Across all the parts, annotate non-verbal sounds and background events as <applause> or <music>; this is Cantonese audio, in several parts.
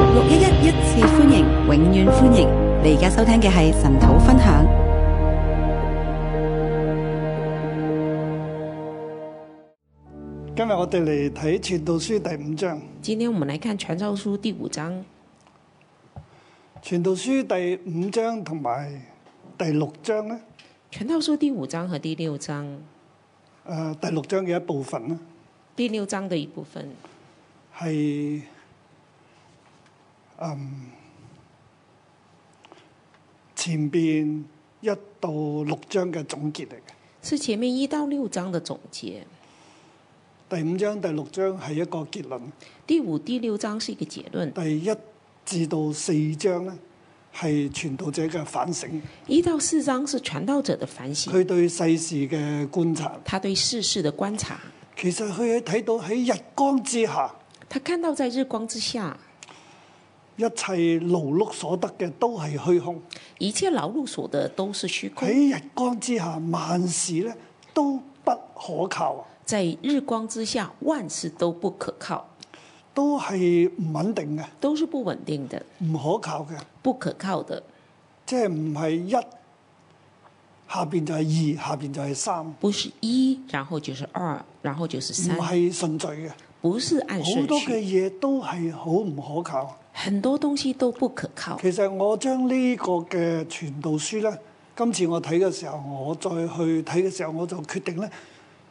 六一一一次歡迎，永遠歡迎！你而家收聽嘅係神土分享。今日我哋嚟睇傳道書第五章。今天我們來看傳道書第五章。傳道書第五章同埋第六章咧？傳道書第五章和第六章？誒，第，第六章嘅一部分呢？第六章的一部分係。前邊一到六章嘅總結嚟嘅，是、um, 前面一到六章嘅總結。第五章、第六章係一個結論。第五、第六章是一個結論。第一至到四章呢，係傳道者嘅反省。一到四章是傳道者的反省，佢對世事嘅觀察，他對世事的觀察，觀察其實佢喺睇到喺日光之下，他看到在日光之下。一切勞碌所得嘅都係虛空，一切勞碌所得都是虛空。喺日光之下，萬事咧都不可靠。在日光之下，萬事都不可靠，都係唔穩定嘅，都是不穩定嘅，唔可靠嘅，不可靠嘅。即係唔係一，下邊就係二，下邊就係三。不是一，然後就是二，然後就是三，唔係順序嘅，不是按順序，好多嘅嘢都係好唔可靠。很多東西都不可靠。其實我將呢個嘅傳道書咧，今次我睇嘅時候，我再去睇嘅時候，我就決定咧，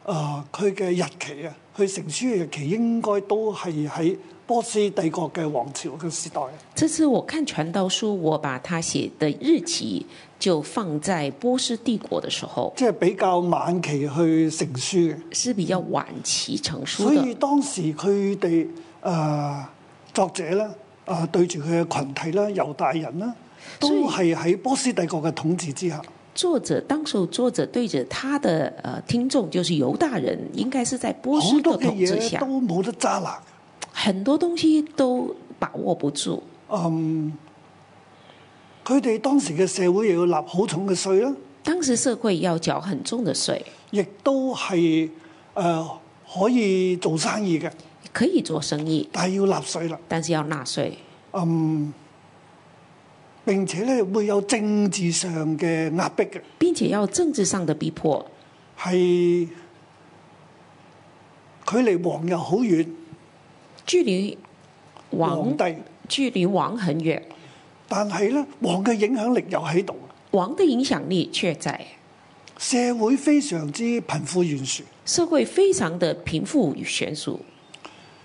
啊、呃，佢嘅日期啊，去成書嘅日期應該都係喺波斯帝國嘅王朝嘅時代。這次我看傳道書，我把他寫的日期就放在波斯帝國嘅時候，即係比較晚期去成書嘅。是比較晚期成書。所以當時佢哋啊作者咧。啊，對住佢嘅群體啦，猶大人啦，都係喺波斯帝國嘅統治之下。作者當時候，作者,作者對著他的啊、呃、聽眾，就是猶大人，應該是在波斯嘅統治下。都冇得揸拿，很多東西都把握不住。嗯，佢哋當時嘅社會又要納好重嘅稅啦。當時社會要繳很重嘅稅，亦都係誒可以做生意嘅，可以做生意，但係要納稅啦，但是要納稅,稅。嗯，並且咧會有政治上嘅壓迫嘅，並且要政治上的逼迫，係距離王又好遠，距離皇帝距離王很遠，但係咧王嘅影響力又喺度，王的影響力卻在，在，社會非常之貧富懸殊，社會非常的貧富懸殊。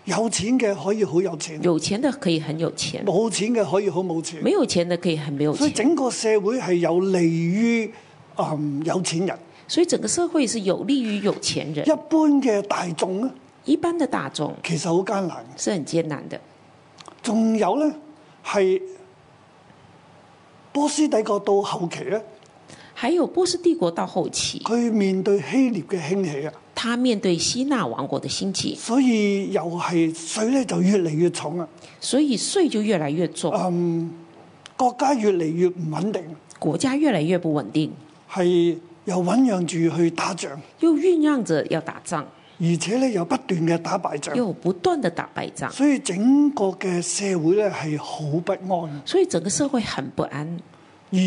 有錢嘅可以好有錢，有錢嘅可以很有錢，冇錢嘅可以好冇錢，沒有錢的可以很沒有錢。所以整個社會係有利於啊有錢人，所以整個社會是有利於、嗯、有錢人。一般嘅大眾咧，一般嘅大眾其實好艱難，是很艱難的。仲有呢，係波斯帝國到後期呢，還有波斯帝國到後期，佢面對希臘嘅興起啊。他面對西納王國的興起，所以又係稅咧就越嚟越重啦。所以稅就越嚟越重。嗯，國家越嚟越唔穩定，國家越嚟越不穩定，係又醞釀住去打仗，又醞釀着要打仗，而且咧又不斷嘅打敗仗，又不斷嘅打敗仗，所以整個嘅社會咧係好不安。所以整個社會很不安，而。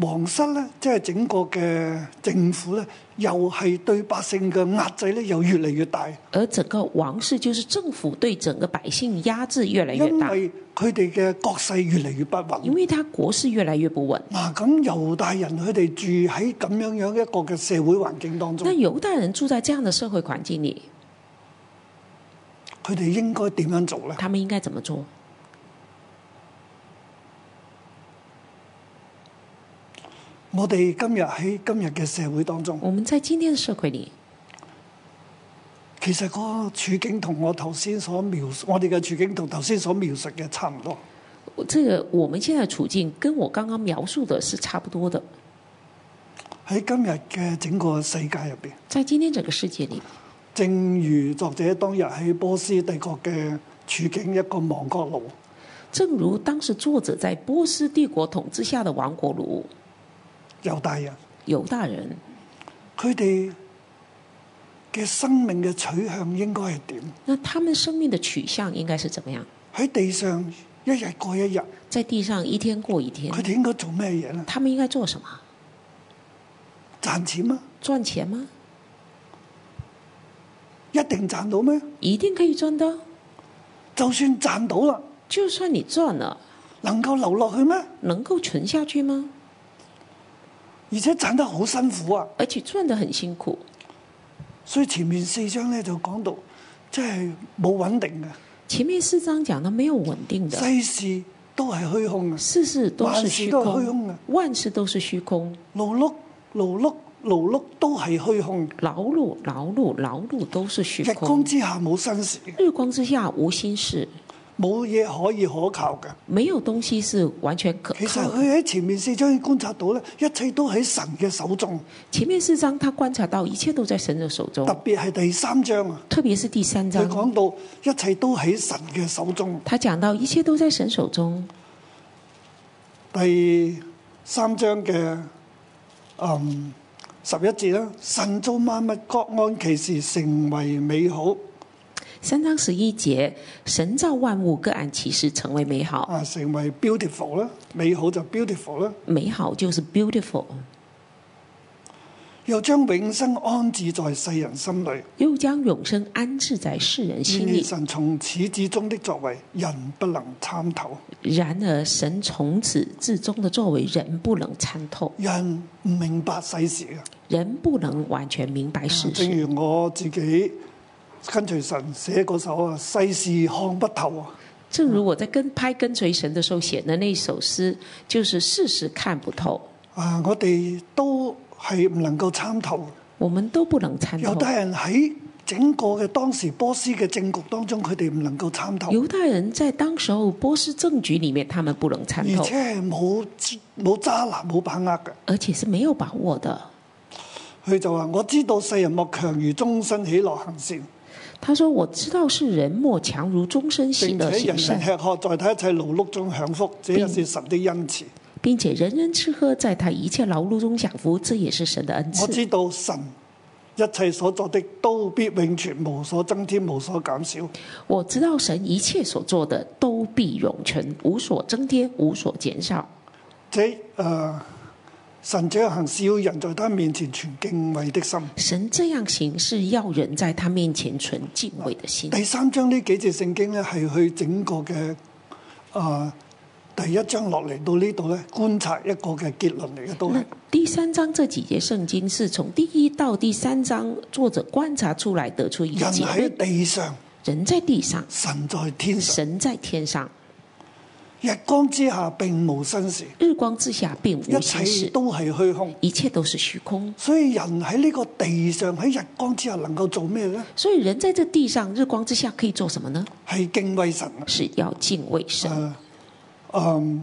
王室呢，即係整個嘅政府呢，又係對百姓嘅壓制呢，又越嚟越大。而整個王室就是政府對整個百姓壓制越嚟越大。因為佢哋嘅國勢越嚟越不穩。因為他國勢越嚟越不穩。嗱、啊，咁猶大人佢哋住喺咁樣樣一個嘅社會環境當中，但猶大人住喺這樣嘅社會環境裏，佢哋應該點樣做咧？佢哋應該怎麼做？我哋今日喺今日嘅社會當中，我們在今天嘅社會裏，其實個處境同我頭先所描述，我哋嘅處境同頭先所描述嘅差唔多。我這個我們現在的處境跟我剛剛描述的是差不多的。喺今日嘅整個世界入邊，在今天整個世界裏，正如作者當日喺波斯帝國嘅處境一個亡國奴，正如當時作者在波斯帝國統治下嘅亡國奴。猶大人，猶大人，佢哋嘅生命嘅取向應該係點？那他們生命嘅取向應該是怎麼樣？喺地上一日過一日，在地上一天過一天。佢哋應該做咩嘢呢？他們應該做什麼？賺錢嗎？賺錢嗎？一定賺到咩？一定可以賺到。就算賺到啦，就算你賺啦，能夠留落去咩？能夠存下去嗎？而且賺得好辛苦啊！而且賺得很辛苦，所以前面四章呢，就講到，即係冇穩定嘅。前面四章講得沒有穩定的，世事都係虛空啊！世事都是虛空啊！萬事都是虛空，勞碌勞碌勞碌都係虛空，勞碌勞碌勞碌都是虛空。日光之下冇新事，日光之下無新事。冇嘢可以可靠嘅，沒有東西是完全可靠的。其實佢喺前面四章已觀察到咧，一切都喺神嘅手中。前面四章，他觀察到一切都在神嘅手中。特別係第三章啊，特別是第三章，佢講到一切都喺神嘅手中。他講到一切都在神手中。第三章嘅嗯十一節啦，神造萬物各按其時，成為美好。三章十一節，神造萬物，各按其時，成為美好。啊，成為 beautiful 啦，美好就 beautiful 啦。美好就是 beautiful。又將永生安置在世人心裏。又將永生安置在世人心裏。神從始至終的作為，人不能參透。然而神從始至終的作為，人不能參透。人唔明白世事噶。人不能完全明白世事。啊，正如我自己。跟隨神寫嗰首啊，世事看不透啊。正如我在跟拍跟隨神的時候寫的那首詩，就是世事看不透。啊，我哋都係唔能夠參透。我們都不能參透。猶太人喺整個嘅當時波斯嘅政局當中，佢哋唔能夠參透。猶太人在當時候波斯政局裏面，他們不能參透。而且係冇冇揸拿冇把握嘅。而且是沒有把握的。佢就話：我知道世人莫強如終身喜樂行善。他說：我知道是人莫強如終身行善。並且人人吃喝在他一切勞碌中享福，這也是神的恩賜。並且人人吃喝在他一切勞碌中享福，這也是神的恩賜。我知道神一切所做的都必永存，無所增添，無所減少。我知道神一切所做的都必永存，無所增添，無所減少。神這樣行，是要人在他面前存敬畏的心。神這樣行，是要人在他面前存敬畏的心。第三章呢幾節聖經咧係去整個嘅，啊、呃、第一章落嚟到這裏呢度咧觀察一個嘅結論嚟嘅都係。第三章這幾節聖經是從第一到第三章作者觀察出來得出一個結論。人喺地上，人在地上，神在天，神在天上。神在天上。日光之下並無新事，日光之下並無新事，一切都係虛空，一切都是虛空。所以人喺呢個地上喺日光之下能夠做咩呢？所以人在這地上日光之下可以做什麼呢？係敬畏神，是要敬畏神。呃，呃，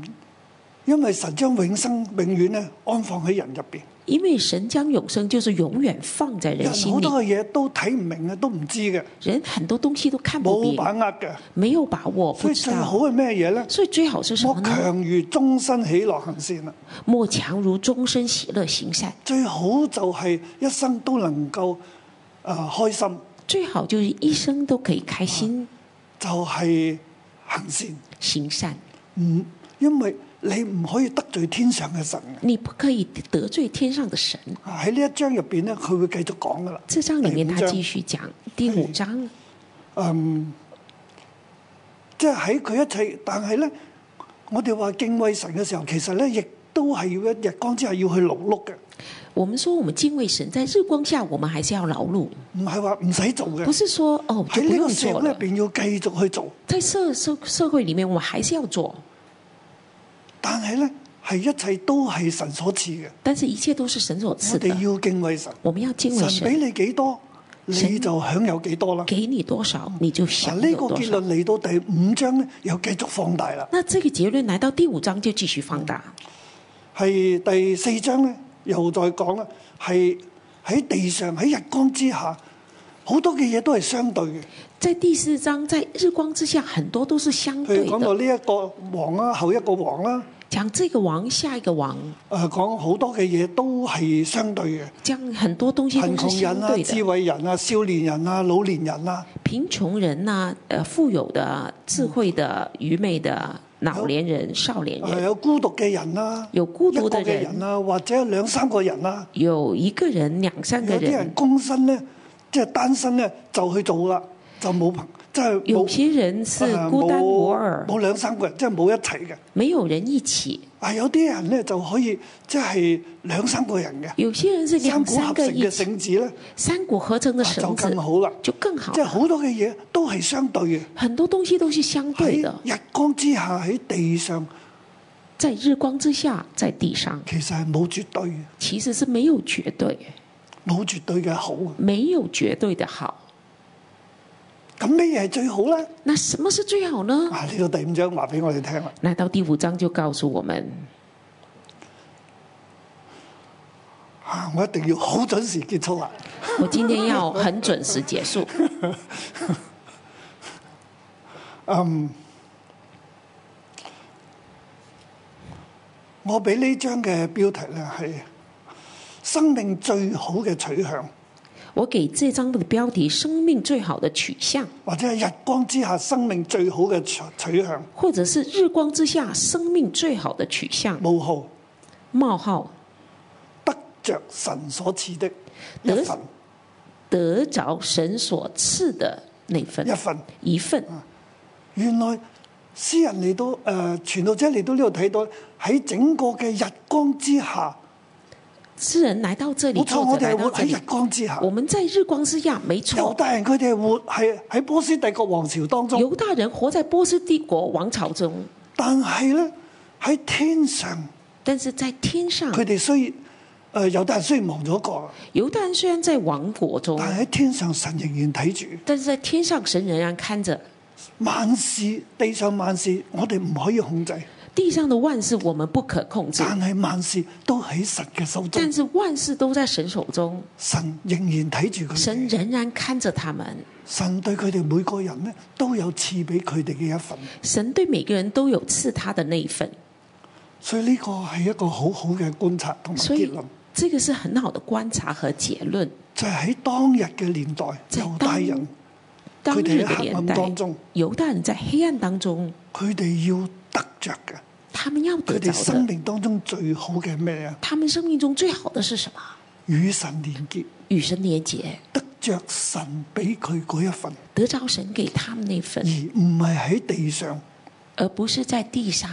因為神將永生永遠安放喺人入邊。因為神將永生，就是永遠放在人心裏。好多嘢都睇唔明嘅，都唔知嘅。人很多東西都看唔明。冇把握嘅。沒有把握。所以最好係咩嘢咧？所以最好是什麼？莫強如終身喜樂行善啦。莫強如終身喜樂行善。行善最好就係一生都能夠，誒、呃、開心。最好就是一生都可以開心。就係行善。啊就是、行善。行善。嗯，因為。你唔可以得罪天上嘅神。你不可以得罪天上嘅神，啊、神。喺呢、啊、一章入邊咧，佢會繼續講噶啦。呢章裏面，他繼續講。第五章，第五章。嗯，即係喺佢一切，但係咧，我哋話敬畏神嘅時候，其實咧亦都係要一日光之下要去勞碌嘅。我們說，我們敬畏神，在日光下，我們還是要勞碌。唔係話唔使做嘅。不是說，不不是說哦，喺呢個時候入邊要繼續去做。喺社社社會裏面，我們還是要做。但係咧，係一切都係神所賜嘅。但是一切都是神所賜。你要敬畏神。我們要敬畏神。神俾你幾多，神你就享有幾多啦。給你多少，你就享有多少。呢個結論嚟到第五章咧，又繼續放大啦。嗱，呢個結論嚟到第五章就繼續放大。係第四章咧，又再講啦，係喺地上喺日光之下，好多嘅嘢都係相對嘅。在第四章，在日光之下，很多都是相對的。譬如講到呢一個王啦、啊，後一個王啦、啊。講這個王下一個王，誒，講好多嘅嘢都係相對嘅。講很多東西都是相對嘅，貧窮人啊，智慧人啊，少年人啊，老年人啊。貧窮人啊，誒，富有的、智慧的、愚昧的、老年人、有少年人，有孤獨嘅人啦，有孤獨嘅人啦、啊，人人或者兩三個人啦、啊，有一個人、兩三個人，有啲人孤身咧，即、就、係、是、單身咧就去做啦，就冇朋友。嗯就有，有些人是孤單無二，即係冇，冇兩三個人，即係冇一齊嘅，沒有人一起。啊，有啲人呢，就可以，即係兩三個人嘅。有些人是兩三個嘅繩子咧，三股合成嘅繩子就更好啦，就更好。即係好多嘅嘢都係相對嘅，很多東西都是相對嘅。日光之下喺地上，在日光之下在地上，其實係冇絕對嘅，其實是沒有絕對冇絕對嘅好，沒有絕對的好。咁咩嘢係最好呢？那什麼是最好呢？啊，呢度第五章話俾我哋聽啦。嚟到第五章就告訴我們，啊，我一定要好準時結束啊！我今天要很準時結束。嗯， <laughs> <laughs> um, 我俾呢張嘅標題呢係生命最好嘅取向。我給這張的標題《生命最好的取向》，或者係日光之下生命最好的取向，或者是日光之下生命最好的取向。冒號，冒號得，得着神所賜的一份，得着神所賜的那份一份一份，嗯。原來詩人嚟到誒、呃，傳道者到即嚟到呢度睇到喺整個嘅日光之下，世人來到這裡，錯這裡我哋我喺日光之下，我們在日光之下，沒錯。猶大人佢哋活喺波斯帝國王朝當中。猶大人活在波斯帝國王朝中，但係呢喺天上，但是在天上，佢哋雖然呃猶大人雖然亡咗個，猶大人雖然在亡國中，但係喺天上神仍然睇住，但是在天上神仍然看着，萬事地上萬事我哋唔可以控制。地上的萬事我們不可控制，但係萬事都喺神嘅手中。但是萬事都在神手中，神仍然睇住佢，神仍然看着他們，神，他們神對佢哋每個人咧都有賜俾佢哋嘅一份。神對每個人都有賜他的那一份，所以呢個係一個好好嘅觀察同埋結論。這個是很好的觀察和結論。就係喺當，當，當日嘅年代，猶大人，佢哋喺黑暗當中，猶大人在黑暗當中，佢哋要得着嘅。他們要得到佢哋生命當中最好嘅咩啊？他們生命中最好的是什麼？與神連結，與神連結，得着神畀佢嗰一份，得着神給他們那份，而唔係喺地上，而不是在地上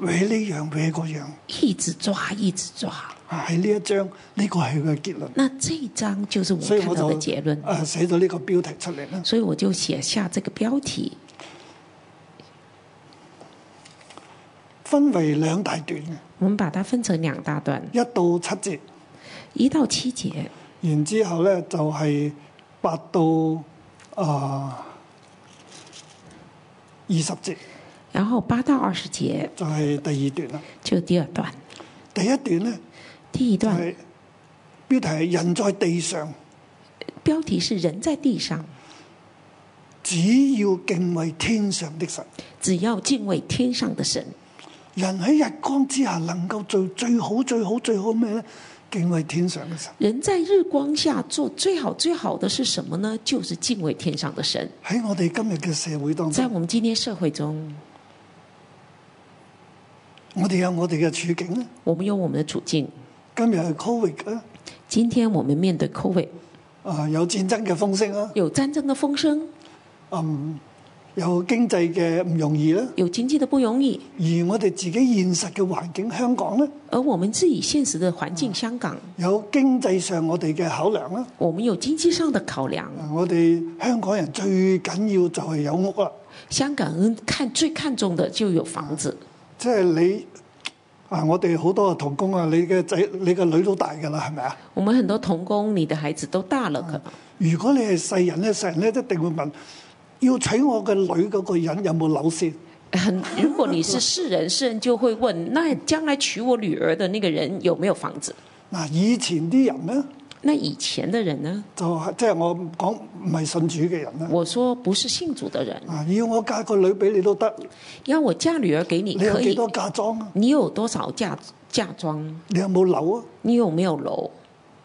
搵呢樣搵嗰樣一，一直抓一直抓。喺呢一張呢、這個係佢嘅結論。那這一章就是我看到嘅結論。啊，寫咗呢個標題出嚟啦。所以我就寫下這個標題。分為兩大段，我們把它分成兩大段，一到七節，一到七節，然之後呢就係八到啊二十節，然後八到二十節就係第二段啦，就第二段，第一段呢，第二段標題係人在地上，標題是人在地上，只要敬畏天上的神，只要敬畏天上的神。人喺日光之下，能夠做最好、最好、最好咩咧？敬畏天上嘅神。人在日光下做最好、最好嘅是什麼呢？就是敬畏天上的神。喺我哋今日嘅社會當中，喺我哋今天的社會中，我哋有我哋嘅處境咧。我們有我們嘅處境。今日係 covid 啊！今天我們面對 covid 啊，有戰爭嘅風聲啊，有戰爭嘅風聲。嗯。有經濟嘅唔容易啦，有經濟嘅不容易。而我哋自己現實嘅環境香港咧，而我們自己現實嘅環境香港、啊、有經濟上我哋嘅考量啦、啊，我們有經濟上嘅考量。我哋香港人最緊要就係有屋啦。香港人看最看重的就有房子。即係你啊，我哋好多童工啊，你嘅仔、你嘅女都大㗎啦，係咪啊？我們很多童工，你的孩子的都大了是、啊、如果你係世人咧，世人咧，一定會問。要娶我嘅女嗰個人有冇樓先？ <laughs> 如果你是世人，世人就會問，那將來娶我女兒的那個人有沒有房子？嗱，以前啲人呢？那以前的人呢？就係即係我講唔係信主嘅人呢。我說不是信主的人。啊，要我嫁個女俾你都得。要我嫁女兒給你，你可以幾多嫁妝啊？你有多少嫁嫁妝？你有冇樓啊？你有沒有樓？有有樓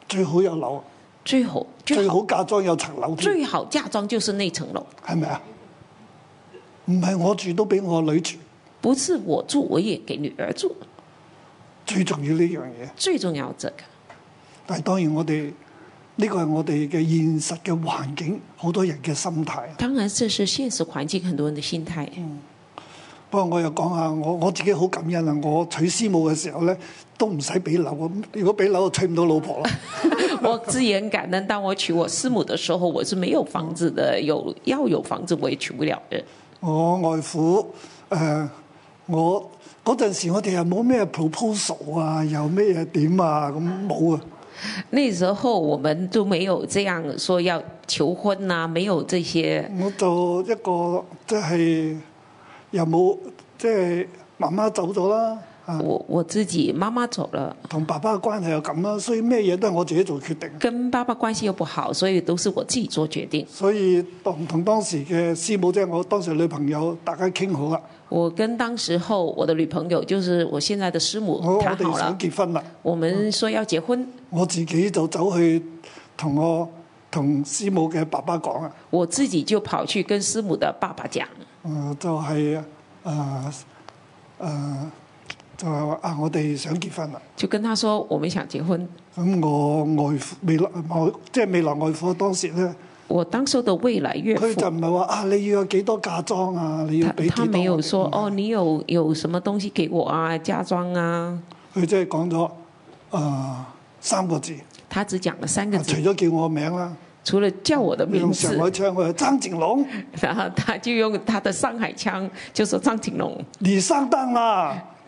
最好有樓啊！最好最好嫁妝有層樓，最好嫁妝就是那層樓，係咪啊？唔係我住都俾我女住，不是我住我也給女兒住，最重要呢樣嘢，最重要這個的。但係當然我哋呢個係我哋嘅現實嘅環境，好多人嘅心態。當然這是現實環境，很多人嘅心態、嗯。不過我又講下我我自己好感恩啊！我娶師母嘅時候呢，都唔使俾樓，如果俾樓就娶唔到老婆啦。 <laughs> <laughs> 我自然感恩，當我娶我師母的時候，我是沒有房子的，有要有房子我也娶不了的。 <laughs> 我外父，誒、呃，我嗰陣時我哋又冇咩 proposal 啊，又咩嘢點啊，咁冇啊。 <laughs> 那時候我們都沒有這樣說要求婚啊。沒有這些。我就一個即係、就是、又冇即係媽媽走咗啦。我我自己媽媽走了，同爸爸嘅關係又咁啦，所以咩嘢都係我自己做決定。跟爸爸關係又不好，所以都是我自己做決定。所以當同當時嘅師母即係、就是、我當時女朋友，大家傾好啦。我跟當時候我的女朋友，就是我現在的師母談好了。我我們想結婚啦，我們說要結婚。嗯、我自己就走去同我同師母嘅爸爸講啊。我自己就跑去跟師母的爸爸講。嗯、呃，就係啊啊。呃呃就係話啊！我哋想結婚啦，就跟佢講，我哋想結婚。咁我岳未來，我外即係未來岳父當時咧，我當時的未來岳父，佢就唔係話啊！你要有幾多嫁妝啊？你要俾佢多、啊他？他沒有說哦，你有有什麼東西給我啊？嫁妝啊？佢即係講咗啊三個字，他只講咗三個字，除咗叫我名啦，除了叫我的名字，啊、用上海腔嘅張景龍，然後 <laughs> 他就用他的上海腔，就說、是、張景龍，你上當啦、啊！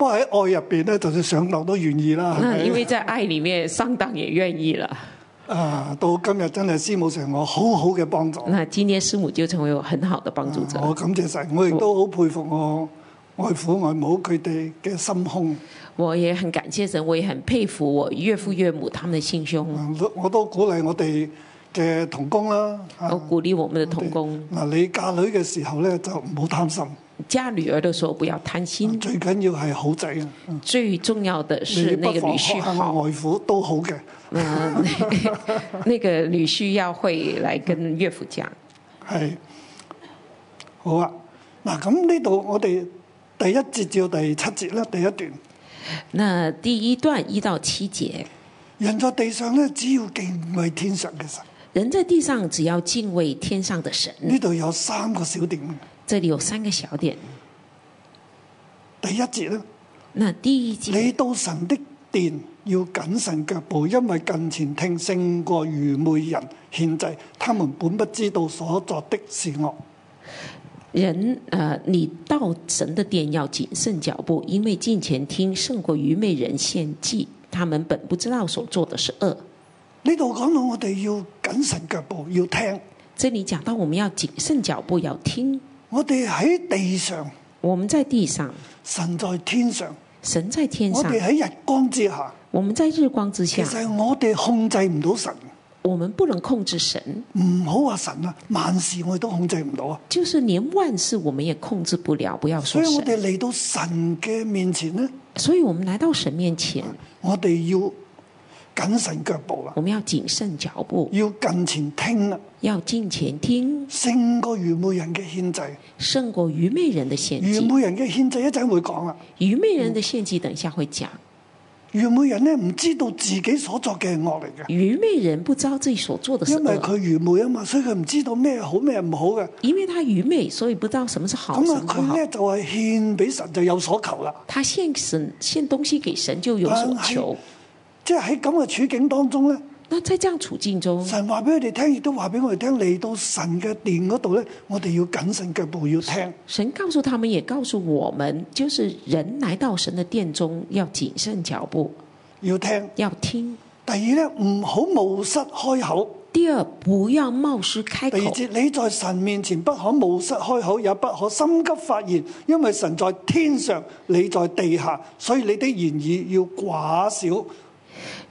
不過喺愛入邊咧，就算上當都願意啦。因為在愛裏面上當也願意啦。啊，到今日真係師母成我很好好嘅幫助。那今天師母就成為我很好的幫助者。啊、我感謝神，我亦都好佩服我外父外母佢哋嘅心胸。我也很感謝神，我也很佩服我岳父岳母他們的心胸。我都鼓勵我哋嘅同工啦，啊、我鼓勵我們的同工。嗱，你嫁女嘅時候咧，就唔好貪心。嫁女兒的時候不要貪心，最緊要係好仔、啊。嗯、最重要的是那個女婿好外父都好嘅。嗯， <laughs> <laughs> 那個女婿要會來跟岳父講。係好啊，嗱，咁呢度我哋第一節至到第七節啦，第一段。那第一段一到七節，人在地上呢，只要敬畏天上嘅神。人在地上只要敬畏天上的神。呢度有三個小點。這裏有三個小點。第一節呢，那第一節，呃，你到神的殿要謹慎腳步，因為近前聽勝過愚昧人獻祭，他們本不知道所作的是惡。人，誒，你到神的殿要謹慎腳步，因為近前聽勝過愚昧人獻祭，他們本不知道所做的是惡。呢度講到我哋要謹慎腳步，要聽。這裏講到我們要謹慎腳步，要聽。我哋喺地上，我們在地上；神在天上，神在天上。我哋喺日光之下，我們在日光之下。其實我哋控制唔到神，我們不能控制神。唔好話神啊，萬事我哋都控制唔到啊。就是連萬事我們也控制不了，不要說神。所以我哋嚟到神嘅面前呢，所以我們來到神面前，我哋要。謹慎腳步啊！我們要謹慎腳步，要近前聽啊！要近前聽，勝過愚昧人嘅獻祭，勝過愚昧人嘅獻祭。愚昧人嘅獻祭一陣會講啦，愚昧人嘅獻祭等一下會講。愚昧人呢，唔知道自己所作嘅係惡嚟嘅，愚昧人不知道自己所做的。因為佢愚昧啊嘛，所以佢唔知道咩好咩唔好嘅。因為他愚昧，所以不知道什麼是好。咁啊，佢呢就係獻俾神就有所求啦。他獻神獻東西給神就有所求。即係喺咁嘅處境當中咧，神話俾佢哋聽，亦都話俾我哋聽。嚟到神嘅殿嗰度咧，我哋要謹慎腳步，要聽。神告訴他們，也告訴我們，就是人嚟到神嘅殿中要謹慎腳步，要聽，要聽。第二咧，唔好冒失開口。第二，不要冒失開口。第二，第二，你在神面前不可冒失開口，也不可心急發言，因為神在天上，你在地下，所以你的言語要寡少。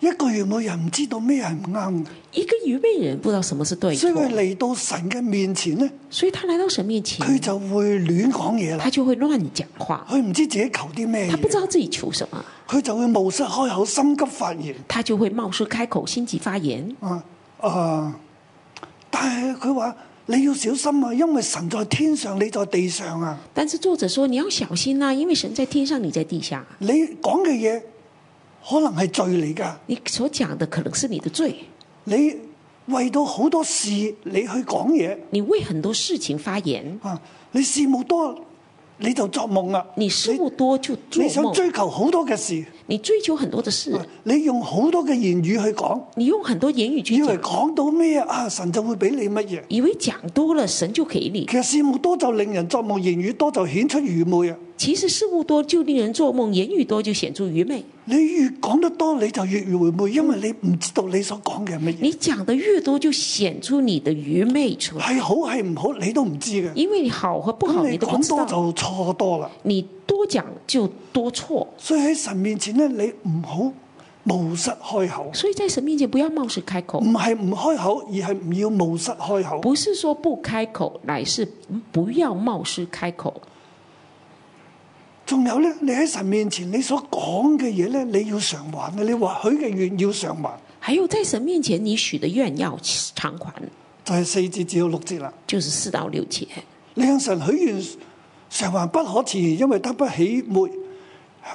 一個愚昧人唔知道咩係唔啱，一個愚昧人不知道什麼是對錯，所以佢嚟到神嘅面前呢，所以他嚟到神面前，佢就會亂講嘢啦，佢就會亂講話，佢唔知自己求啲咩，佢不知道自己求什麼，佢就會冒失開口，心急發言，他就會冒失開口，心急發言。啊啊！呃、但係佢話你要小心啊，因為神在天上，你在地上啊。但是作者說你要小心啦、啊，因為神在天上，你在地下，你講嘅嘢。可能係罪嚟噶，你所講的可能是你的罪。你為到好多事，你去講嘢，你為很多事情發言。啊，你事務多，你就作夢啦、啊。你事務多就你想追求好多嘅事，你追求很多的事，啊、你用好多嘅言語去講，你用很多言語去講，以為講到咩啊，神就會俾你乜嘢？以為講多了神就俾你。其實事務多就令人作夢，言語多就顯出愚昧啊。其實事務多就令人作夢，言語多就顯出愚昧。你越講得多，你就越愚昧，因為你唔知道你所講嘅係乜嘢。你講得越多，就顯出你的愚昧出嚟。係好係唔好，你都唔知嘅。因為你好和不好，你都唔知。咁你講多就錯多啦。你多講就多錯。所以喺神面前呢，你唔好冒失開口。所以在神面前，不要冒失開口。唔係唔開口，而係唔要冒失開口。不是說不開口，乃是不要冒失開口。仲有咧，你喺神面前你所講嘅嘢咧，你要償還啊！你或許嘅願要償還。還有在神面前你許的願要償還。就係四節至到六節啦。就是四到六節。你向神許願償還不可遲，因為得不喜昧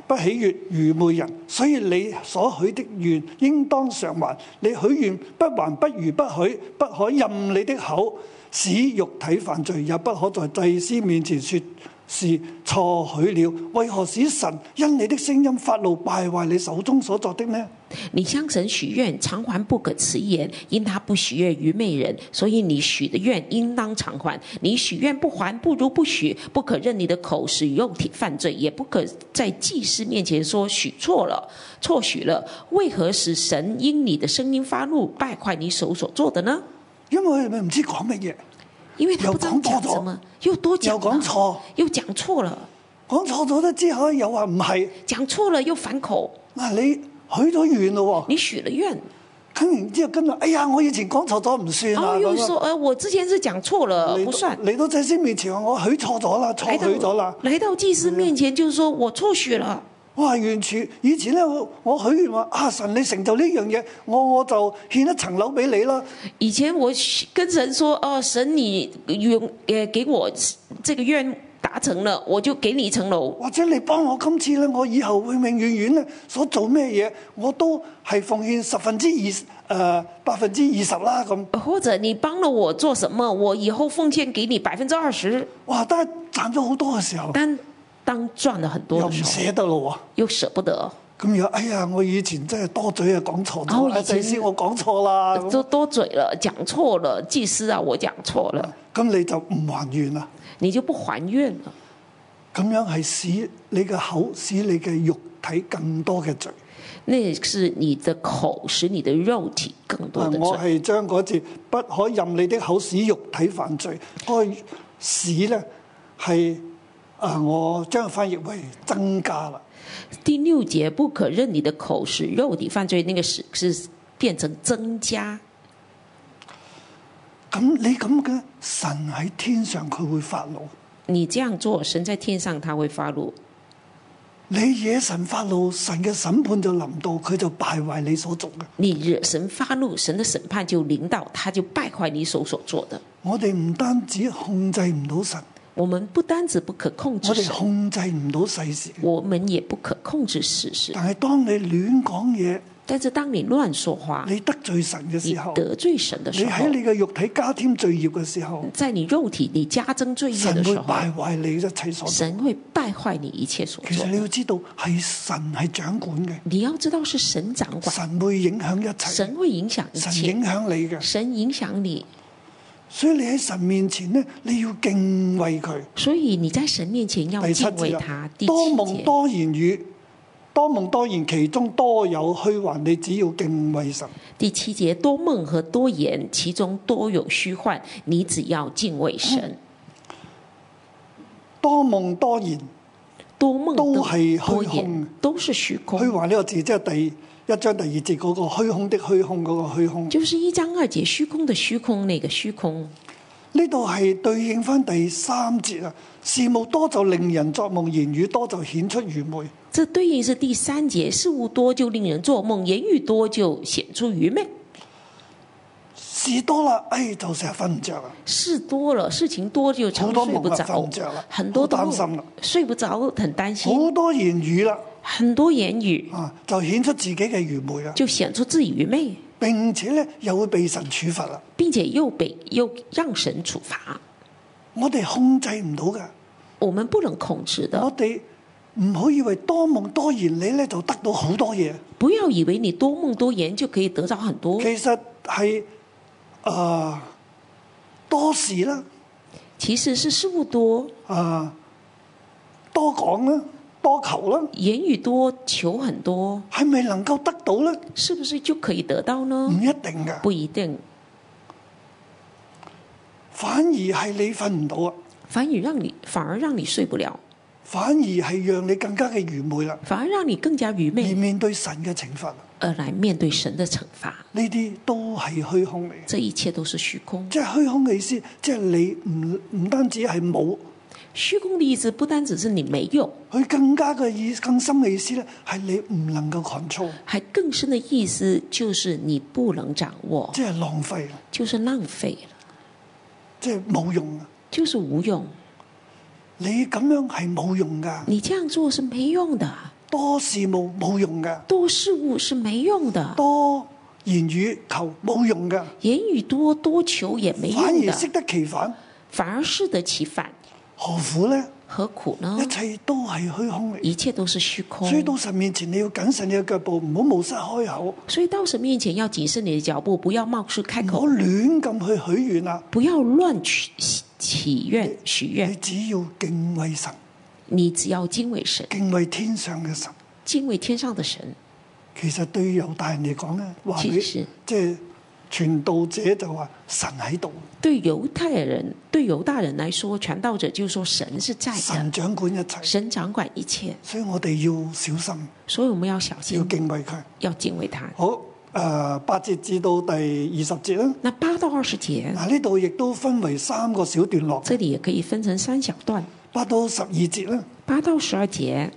不喜悅愚昧人，所以你所許的願應當償還。你許願不還不如不許，不可任你的口使肉體犯罪，也不可在祭司面前說是錯許了，為何使神因你的聲音發怒敗壞你手中所作的呢？你向神許願，償還不可遲延，因他不喜悦愚昧人，所以你許的願應當償還。你許願不還不如不許，不可任你的口使肉體犯罪，也不可在祭司面前說許錯了，錯許了，為何使神因你的聲音發怒敗壞你手所做的呢？因為你唔知講乜嘢。因為他不知道，講多咗，又講錯，又講錯了。講錯咗之後又，又話唔係，講錯了又反口。那你許咗願了喎，你許了願，你了願然就跟完之後跟啊，哎呀，我以前講錯咗唔算後、哦、又說誒、呃，我之前是講錯了，到不算。來到祭司面前，我許錯咗啦，錯許咗啦。來到祭司面前就是說、嗯、我錯許了。嗯哇！完全以前咧，我我許願話啊神，你成就呢樣嘢，我我就獻一層樓俾你啦。以前我跟神說，哦神你，你用誒給我這個願達成了，我就給你一層樓。或者你幫我今次咧，我以後永永遠遠咧所做咩嘢，我都係奉獻十分之二，誒、呃、百分之二十啦，咁。或者你幫了我做什麼，我以後奉獻給你百分之二十。哇！但係賺咗好多嘅時候。但當賺了很多，又唔捨得咯喎，又捨不得。咁又，又，哎呀，我以前真係多嘴啊，講錯咗啊！祭司，哎、呀我講錯啦，都多嘴了，講錯了，祭司啊，我講錯了。咁你就唔還願啦？你就不還願了？咁樣係使你嘅口使你嘅肉體更多嘅罪，那是你嘅口使你嘅肉體更多嘅罪。我係將嗰次不可任你的口使肉體犯罪，嗰個使咧係。是啊！我將翻譯為增加啦。第六節，不可任你的口使肉體犯罪，那個是是變成增加。咁你咁嘅神喺天上佢會發怒。你這樣做，神在天上他會發怒。你惹神發怒，神嘅審判就臨到，佢就敗壞你所做嘅。你惹神發怒，神嘅審判就臨到，他就敗壞你所所做的。我哋唔單止控制唔到神。我們不單止不可控制，我哋控制唔到世事。我們也不可控制時事，但係當你亂講嘢，但是當你亂說話，你得罪神嘅時候，得罪神的時候，你喺你嘅肉體加添罪孽嘅時候，在你肉體你加增罪孽嘅時候，神會敗壞你一切所。神會敗壞你一切所。其實你要知道，係神係掌管嘅。你要知道是神掌管，神會影響一切，神會影響一切，神影響你嘅，神影響你。所以你喺神面前呢，你要敬畏佢。所以你在神面前要敬畏他。第七節，多夢多言語，多夢多，多，多，多言其中多有虛幻，你只要敬畏神。第七節，多夢和多，多，多，多言其中多有虛幻，你只要敬畏神。多夢多言，多夢都係虛言，都是虛幻。虛幻呢個字即係第二。一章第二節嗰、那個虛空的虛空嗰、那個虛空，就是一章二節虛空的虛空，那個虛空。呢度係對應返第三節啊！事物多就令人作夢，言語多就顯出愚昧。這對應是第三節，事物多就令人作夢，言語多就顯出愚昧。事多啦，哎，就成日瞓唔着啊！事多了，事情多就成多夢啊，瞓唔著啦，很多擔心啦，睡不着，很擔心了，好多言語啦。很多言語啊，就顯出自己嘅愚昧啦，就顯出自己愚昧，並且咧又會被神處罰啦，並且又被又讓神處罰，我哋控制唔到噶，我們不能控制的，我哋唔好以為多夢多言你咧就得到好多嘢，不要以為你多夢多言就可以得到很多，其實係啊多事啦，其實是、呃、事務多啊多講啦。多求啦，言語多，求很多，係咪能夠得到呢？是不是就可以得到呢？唔一定㗎，不一定，反而係你瞓唔到啊！反而讓你反而讓你睡不了，反而係讓你更加嘅愚昧啦！反而讓你更加愚昧，而面對神嘅懲罰，而來面對神嘅懲罰，呢啲都係虛空嚟。這一切都是虛空。即係虛空嘅意思，即係你唔唔單止係冇。虛空的意思不單只是你沒用，佢更加的意思更深的意思呢，係你唔能夠 control。還更深的意思就是你不能掌握。這是浪費了就是浪費了，了即係冇用啊！就是無用，你咁樣係冇用噶。你這樣做是沒用的，多事物冇用噶，多事物是沒用的，多言語求冇用的，言語，沒用的言語多多求也沒用的，反而適得其反，反而適得其反。何苦呢？何苦呢？一切都係虛空嚟，一切都是虛空、空。所以到神面前你要謹慎你嘅腳步，唔好冒失開口。所以到神面前要謹慎你嘅腳步，不要冒失開口。我亂咁去許願啦！不要亂祈祈許願。你只要敬畏神，你只要敬畏神，敬畏天上嘅神，敬畏天上嘅神。其實對於猶大人嚟講咧，其實即係。傳道者就話神喺度。對猶太人、對猶大人來說，傳道者就說神是在。神掌管一切。神掌管一切。所以我哋要小心。所以我們要小心。要敬畏佢。要敬畏他。畏他好，誒、呃，八節至到第二十節啦。那八到二十節。嗱呢度亦都分為三個小段落。這裏也可以分成三小段。八到十二節啦。八到十二節，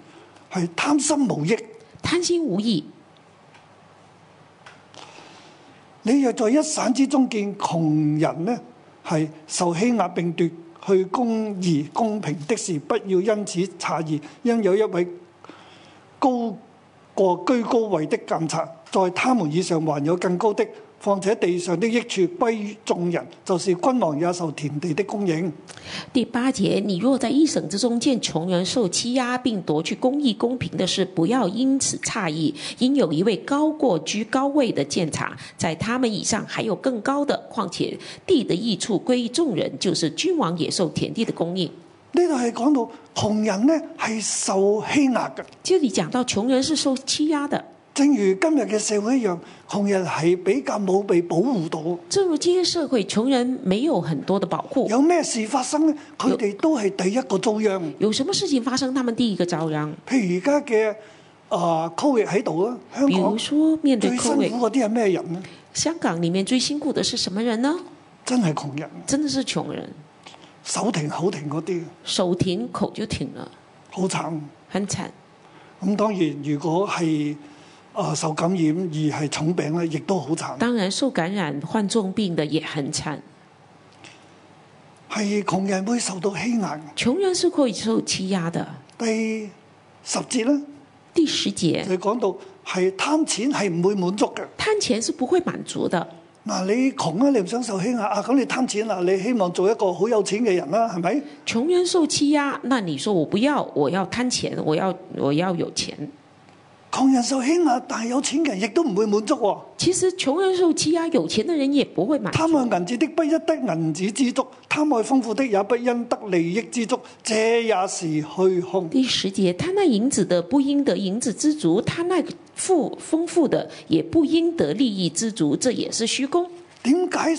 係貪心無益。貪心無益。你若在一省之中見窮人呢，係受欺壓並奪去公義公平的事，不要因此詫異。因有一位高過居高位的監察，在他們以上還有更高的。況且地上的益處歸於眾人，就是君王也受田地的供應。第八節，你若在一省之中見窮人受欺壓並奪去公義公平的事，不要因此詫異，因有一位高過居高位的鑒察，在他們以上還有更高的。況且地的益處歸眾人，就是君王也受田地的供應。呢度係講到窮人呢，係受欺壓嘅，這裡講到窮人是受欺壓的。正如今日嘅社會一樣，窮人係比較冇被保護到。正如今日社會，窮人沒有很多的保護。有咩事發生呢？佢哋有都係第一個遭殃。有什麼事情發生，他們第二個遭殃。譬如而家嘅啊，抗疫喺度啊，香港。面對 VID, 最辛苦嗰啲係咩人咧？香港裡面最辛苦的是什麼人呢？真係窮人。真的是窮人，窮人手停口停嗰啲。手停口就停啦，好慘慘，很慘慘。咁當然，如果係。啊，受感染而係重病咧，亦都好慘。當然，受感染患重病的也很慘。係窮人會受到欺壓。窮人是可以受欺壓的。第十節咧？第十節就講到係貪錢係唔會滿足嘅。貪錢是不會滿足的。嗱，你窮啊，你唔想受欺壓啊？咁你貪錢啦、啊，你希望做一個好有錢嘅人啦、啊，係咪？窮人受欺壓，那你說我不要，我要貪錢，我要我要有錢。窮人受欺壓，但係有錢人亦都唔會滿足喎，哦。其實窮人受欺壓，有錢的人也不會滿足。貪愛銀子的不一得銀子之足，貪愛豐富的也不因得利益之足，這也是虛空。第十節，貪愛銀子的不應得銀子之足，貪愛富豐富的也不應得利益之足，這也是虛空。點解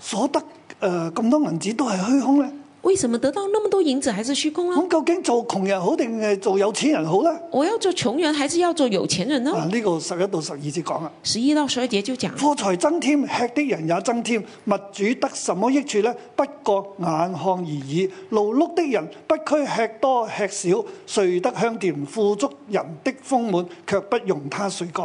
所得誒咁，呃、多銀子都係虛空咧？為什麼得到那麼多銀子還是虛空啊？咁究竟做窮人好定係做有錢人好呢？我要做窮人，還是要做有錢人呢？呢個十一到十二節講啊。十一到十二節就講。貨財增添，吃的人也增添，物主得什麼益處呢？不過眼看而已。勞碌的人不拘吃多吃少，睡得香甜，富足人的豐滿卻不容他睡覺。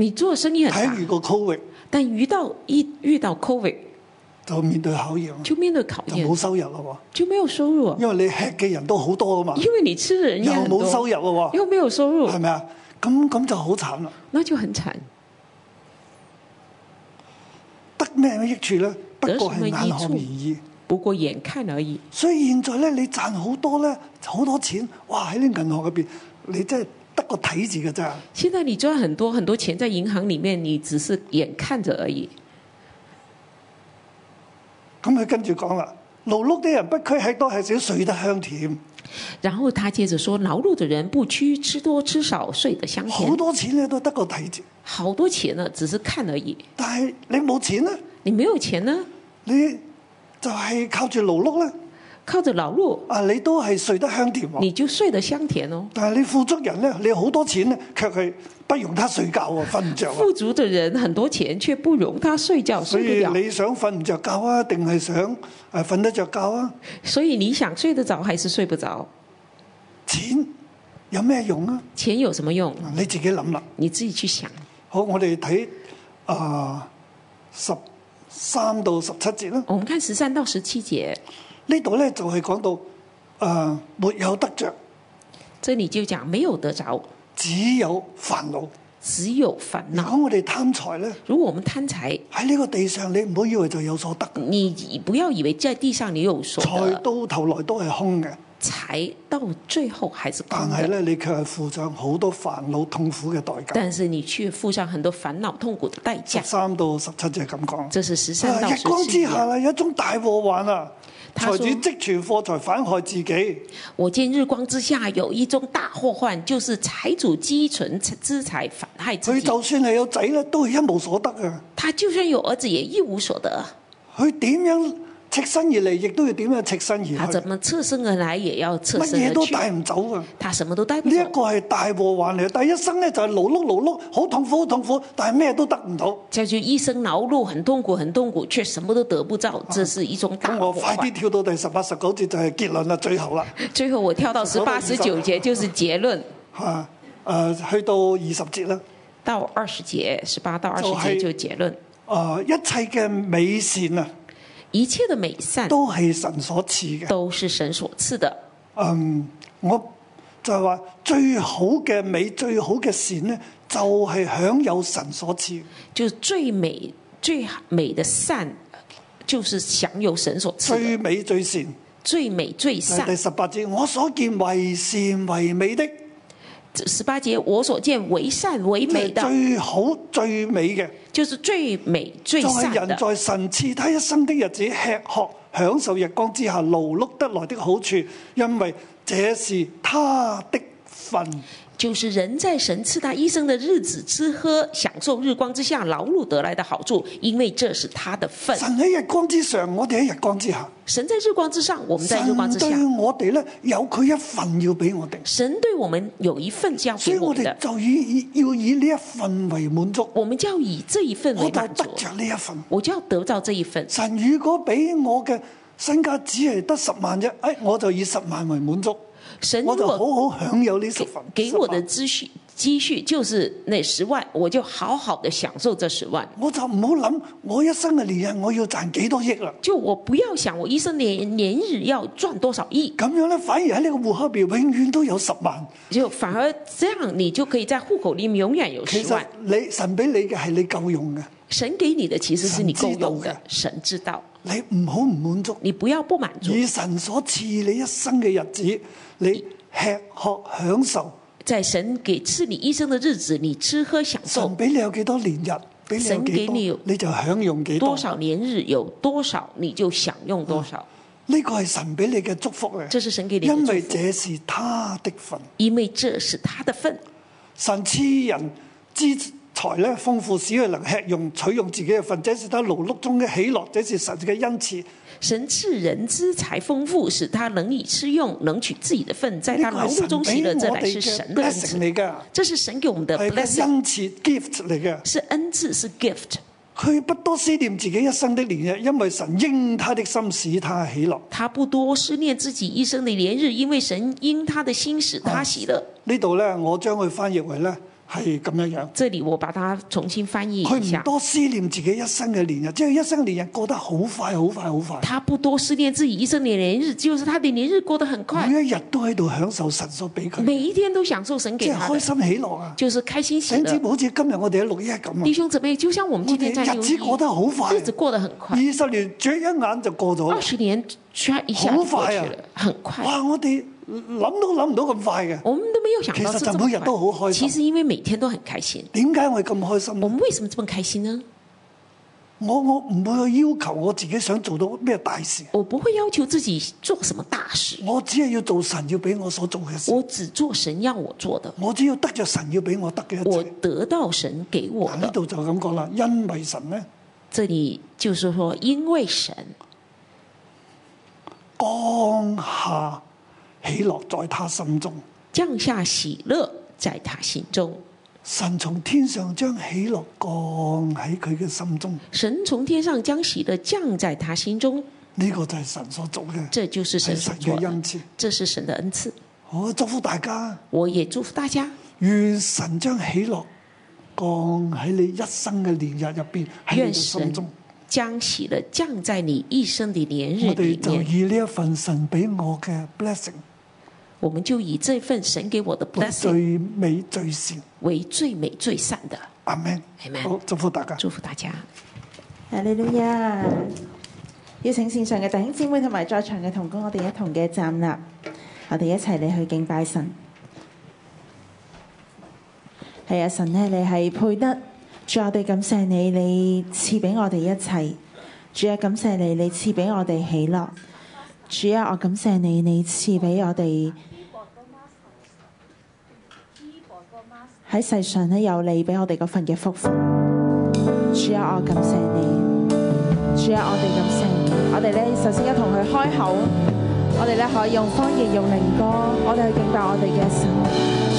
你做生意很難，但係遇過 Covid，但遇到一遇到 Covid 就面對考驗，就面對考驗，冇收入咯，就沒有收入，因為你吃嘅人都好多啊嘛，因為你吃人又冇收入啊，又沒，入又沒有收入，係咪啊？咁咁就好慘啦，那就很慘，得咩益處咧？不過係眼看而已，不過眼看而已。所以現在咧，你賺好多咧，好多錢，哇！喺你銀行入邊，你真係。個睇字嘅咋？現在你賺很多很多錢在銀行裏面，你只是眼看着而已。咁佢跟住講啦，勞碌的人不拘吃多係少，睡得香甜。然後他接着說，勞碌的人不拘吃多吃少，睡得香甜。很多好多錢咧都得個睇字，好多錢呢，只是看而已。但係你冇錢呢？你沒有錢呢？你就係靠住勞碌啦。靠着勞碌啊，你都係睡得香甜，你就睡得香甜哦。但係你富足人咧，你好多錢呢，卻係不容他睡覺啊，瞓唔着。富足的人很多錢，卻不容他睡覺，睡唔着。所以你想瞓唔着覺啊，定係想誒瞓、呃、得着覺啊？所以你想睡得着，還是睡不着？錢有咩用啊？錢有什麼用？你自己諗啦，你自己去想。好，我哋睇啊十三到十七節啦。我們看十三、呃、到十七節。呢度咧就係講到，誒、呃，沒有得着。即你就講沒有得着，只有煩惱，只有煩惱。如我哋貪財咧，如果我們貪財喺呢個地上，你唔好以為就有所得。你不要以為在地上你有所得。所得財到頭來都係空嘅，財到最後還是。但係咧，你卻係付上好多煩惱痛苦嘅代價。但是你卻付上很多煩惱痛苦嘅代價。代價三到十七就咁講，這是十三到、啊、日光之下、啊、有一種大禍患啊！財主積存貨財反害自己。我見日光之下有一宗大禍患，就是財主積存資財反害自己。佢就算係有仔咧，都係一無所得嘅。他就算有兒子，也一無所得。佢點樣？赤身而嚟，亦都要點樣赤身而去？他怎麼側身而來，也要側身而去。乜嘢都帶唔走啊！他什麼都帶唔走。呢一個係大禍患嚟，但一生咧就勞碌勞碌，好痛苦好痛苦，但係咩都得唔到。就係一生勞碌，很痛苦，很痛苦，卻什麼都得不到。這是,不這是一種大禍患、啊、我快啲跳到第十八十九節就係結論啦，最後啦。最後我跳到十八十九節就是結論。嚇到、啊！誒、啊，去到二十節啦。到二十節，十八到二十節就結論。誒、就是呃，一切嘅美善啊！一切的美善都係神所賜嘅，都是神所賜的。嗯，我就係、是、話最好嘅美最好嘅善呢，就係、是、享有神所賜。就是最美最美的善，就是享有神所賜最美最善。最美最善。第十八節，節，我所見為善為美的。十八節，我所見為善為美的最好最美嘅。就是最美，係人在神賜他一生的日子吃喝，享受日光之下勞碌得來的好處，因為這是他的份。就是人在神賜他一生的日子吃喝，享受日光之下勞碌得來的好處，因為這是他的份。神喺日光之上，我哋喺日光之下。神在日光之上，我們在日光之下。神對我哋咧有佢一份要俾我哋。神對我們有一份這樣，所以我哋就以要以呢一份為滿足。我們就要以這一份為滿足。我就得着呢一份。我就要得到這一份。神如果俾我嘅身家只係得十萬啫，誒、哎，我就以十萬為滿足。神我就好好享有呢份。給我的積蓄積蓄就是那十萬，我就好好的享受這十萬。我就唔好諗我一生嘅年日我要賺幾多億啦。就我不要想我一生年年日要賺多少億。咁樣咧，反而喺呢個戶口入邊永遠都有十萬。就反而這樣，你就可以在戶口裏面永遠有十萬。你神俾你嘅係你夠用嘅。神給你嘅，你的其實是你夠用嘅，神知道的，神知道。你唔好唔滿足，你不要不滿足。以神所賜你一生嘅日子，你吃喝享受。在神給賜你一生嘅日子，你吃喝享受。神俾你有幾多年日，神給你有幾多，你就享用幾多。多少年日有多少，你就享用多少。呢、嗯這個係神俾你嘅祝福咧。這是神俾你祝福。因為這是他的份。因為這是他的份。神賜人知。才咧豐富，使佢能吃用、取用自己嘅份，這是他勞碌中嘅喜樂，這是神嘅恩賜。神賜人之財豐富，使他能以吃用、能取自己的份，在他勞碌中喜樂，這乃是神嘅恩賜。這是神給我們的恩賜嚟嘅。是恩賜，是 gift。佢不多思念自己一生的年日，因為神應他的心使他喜樂。他不多思念自己一生的年日，因為神應他的心使他喜樂。呢度咧，我將佢翻譯為咧。係咁樣樣，這裡我把它重新翻譯一下。佢唔多思念自己一生嘅年日，即係一生年日過得好快，好快，好快。他不多思念自己一生嘅年日，就是他、就是、的年日過得很快。每一日都喺度享受神所俾佢。每一天都享受神給。即係開心喜樂啊！就是開心喜樂、啊。甚至好似今日我哋喺六一咁啊！弟兄姊妹，就像我們今天在六一，日子過得好快，日子過得很快，二十年轉一眼就過咗。二十年，一下過、啊、過去了，很快。哇！我哋。諗都諗唔到咁快嘅，我都沒有想到。其實就每日都好開心，其實因為每天都很開心。點解我會咁開心？我們為什麼這麼開心呢？我我唔會去要求我自己想做到咩大事。我唔會要求自己做什麼大事。我只係要做神要俾我所做嘅事。我只做神要我做的。我只要得着神要俾我得嘅。我得到神給我的。呢度就咁講啦，因為神呢？這裡就是說，因為神。剛下喜樂在他心中降下，喜樂在他心中。神從天上將喜樂降喺佢嘅心中。神從天上將喜樂降在他心中。呢個就係神所做嘅，這就是神嘅恩賜，這是神嘅恩賜。我祝福大家，我也祝福大家。願神將喜樂降喺你一生嘅年日入邊喺你嘅心中，願神將喜樂降在你一生嘅年日。年日我哋就以呢一份神俾我嘅 blessing。我們就以這份神給我的，但係最美最善為最美最善的。阿門 Amen，阿門 Amen。好，祝福大家。祝福大家。阿利利亞，邀請線上嘅弟兄姊妹同埋在場嘅同工，我哋一同嘅站立，我哋一齊嚟去敬拜神。係啊，神呢，你係配得，主，我哋感謝你，你賜俾我哋一切。主啊，感謝你，你賜俾我哋喜樂。主啊，我感謝你，你賜俾我哋。喺世上咧有你俾我哋嗰份嘅福分，主啊，我感謝你，主啊，我哋感謝你。我哋咧首先要同佢開口，我哋咧可以用方言，用靈歌，我哋去敬拜我哋嘅神。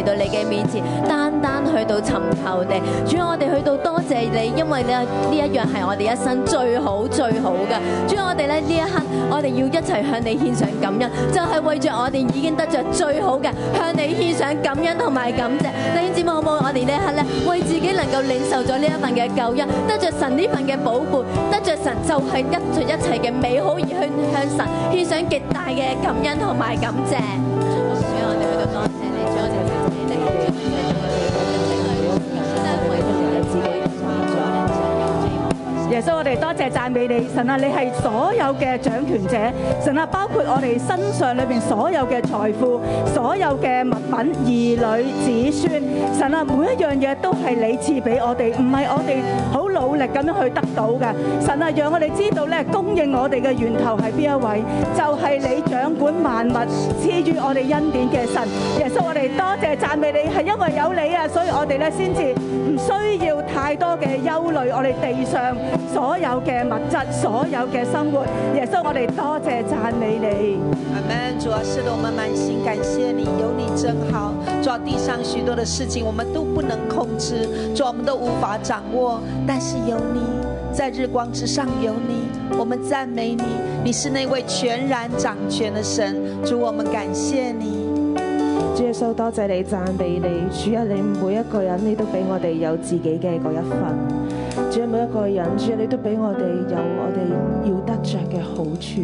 嚟到你嘅面前，單單去到尋求你，主要我哋去到多謝你，因為咧呢這一樣係我哋一生最好最好嘅。主要我哋呢這一刻，我哋要一齊向你獻上感恩，就係為着我哋已經得着最好嘅，向你獻上感恩同埋感謝，你知冇妹我哋呢一刻咧，為自己能夠領受咗呢一份嘅救恩，得着神呢份嘅寶貝，得着神就係得著一切嘅美好，而向向神獻上極大嘅感恩同埋感謝。多謝讚美你，神啊！你係所有嘅掌權者，神啊！包括我哋身上裏邊所有嘅財富、所有嘅物品、兒女子孫，神啊！每一樣嘢都係你賜俾我哋，唔係我哋好努力咁樣去得。到嘅神啊，讓我哋知道咧，供應我哋嘅源頭係邊一位？就係你掌管萬物、賜予我哋恩典嘅神，耶穌。我哋多謝讚美你，係因為有你啊，所以我哋咧先至唔需要太多嘅憂慮。我哋地上所有嘅物質、所有嘅生活，耶穌，我哋多謝讚美你。阿門。主啊，使到我們滿心感謝你，有你真好。做地上許多的事情，我們都不能控制，做我們都無法掌握，但是有你。在日光之上有你，我們讚美你。你是那位全然掌權的神，主，我們感謝你。主耶穌，多謝你，讚美你，主啊，你每一個人，你都畀我哋有自己嘅嗰一份。主啊，每一個人，主啊，你都俾我哋有我哋要得着嘅好處，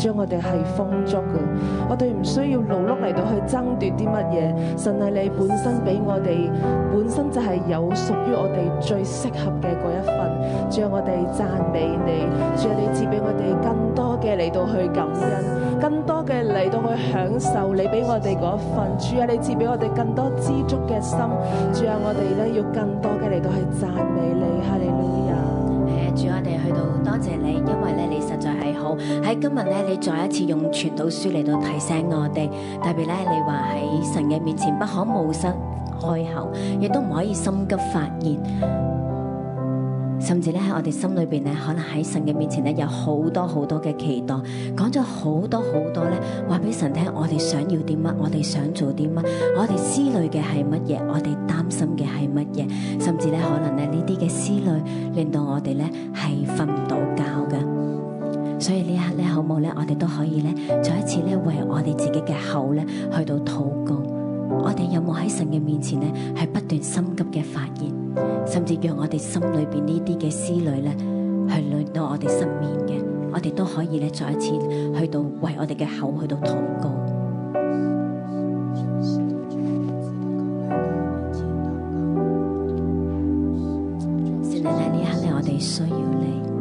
主啊，我哋係豐足嘅，我哋唔需要勞碌嚟到去爭奪啲乜嘢，神係你本身俾我哋，本身就係有屬於我哋最適合嘅嗰一份，主啊，我哋讚美你，主啊，你賜俾我哋更多嘅嚟到去感恩。更多嘅嚟到去享受你俾我哋嗰份，主啊，你賜俾我哋更多知足嘅心，主啊，我哋咧要更多嘅嚟到去讚美你，哈利路亞。係啊，主，我哋去到多謝，謝你，因為咧你，你實在係好喺今日咧，你再一次用傳道書嚟到提醒我哋，特別咧你話喺神嘅面前不可冒失開口，亦都唔可以心急發言。甚至咧喺我哋心裏邊咧，可能喺神嘅面前咧有好多好多嘅期待，講咗好多好多咧話俾神聽我，我哋想要啲乜，我哋想做啲乜，我哋思慮嘅係乜嘢，我哋擔心嘅係乜嘢，甚至咧可能咧呢啲嘅思慮令到我哋咧係瞓唔到覺嘅。所以呢一刻咧好冇咧，我哋都可以咧再一次咧為我哋自己嘅口咧去到禱告，我哋有冇喺神嘅面前咧係不斷心急嘅發言？甚至讓我哋心裏邊呢啲嘅思慮咧，去累到我哋失眠嘅，我哋都可以咧再一次去到為我哋嘅口去到禱告。神奶奶，呢刻係我哋需要你。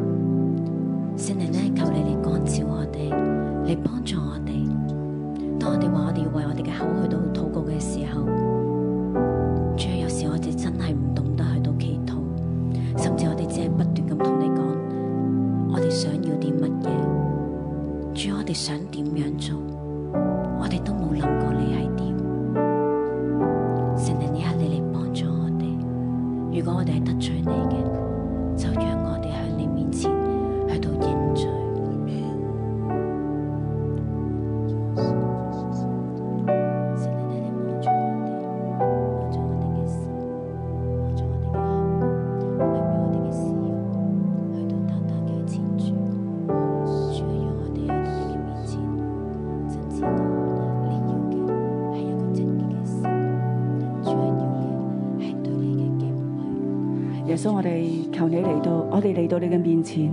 到你嘅面前，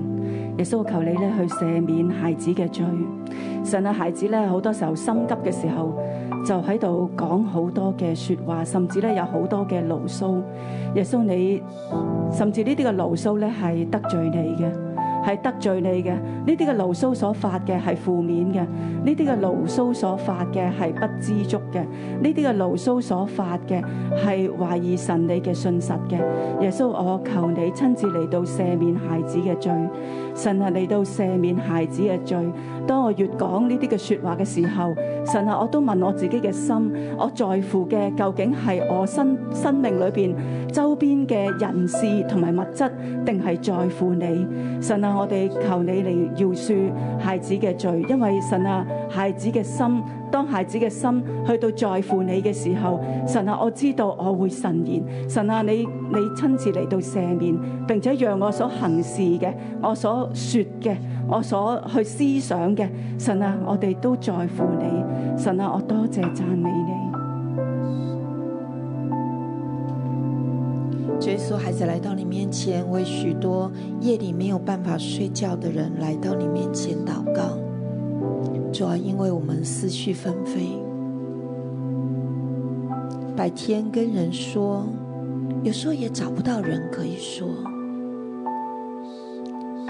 耶穌求你咧去赦免孩子嘅罪。神啊，孩子咧好多時候心急嘅時候就喺度講好多嘅說話，甚至咧有好多嘅牢騷。耶穌你，甚至呢啲嘅牢騷咧係得罪你嘅。係得罪你嘅，呢啲嘅牢騷所發嘅係負面嘅，呢啲嘅牢騷所發嘅係不知足嘅，呢啲嘅牢騷所發嘅係懷疑神你嘅信實嘅。耶穌，我求你親自嚟到赦免孩子嘅罪，神係嚟到赦免孩子嘅罪。當我越講呢啲嘅說話嘅時候，神啊，我都問我自己嘅心，我在乎嘅究竟係我生生命裏面周邊嘅人事同埋物質，定係在乎你？神啊，我哋求你嚟饒恕孩子嘅罪，因為神啊，孩子嘅心，當孩子嘅心去到在乎你嘅時候，神啊，我知道我會神言，神啊，你你親自嚟到赦免，並且讓我所行事嘅，我所說嘅。我所去思想嘅神啊，我哋都在乎你，神啊，我多謝讚美你。耶穌孩子來到你面前，為許多夜裏沒有辦法睡覺的人來到你面前禱告，主要因為我們思緒紛飛，白天跟人說，有時候也找不到人可以說。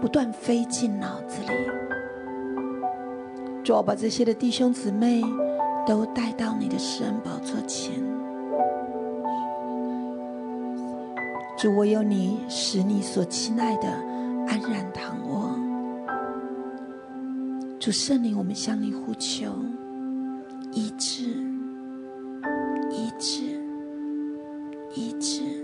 不斷飛進腦子裏。主，我把這些的弟兄姊妹都帶到你的施恩寶座前。主，我有你，使你所親愛的安然躺卧。主聖靈，我們向你呼求，醫治，醫治，醫治。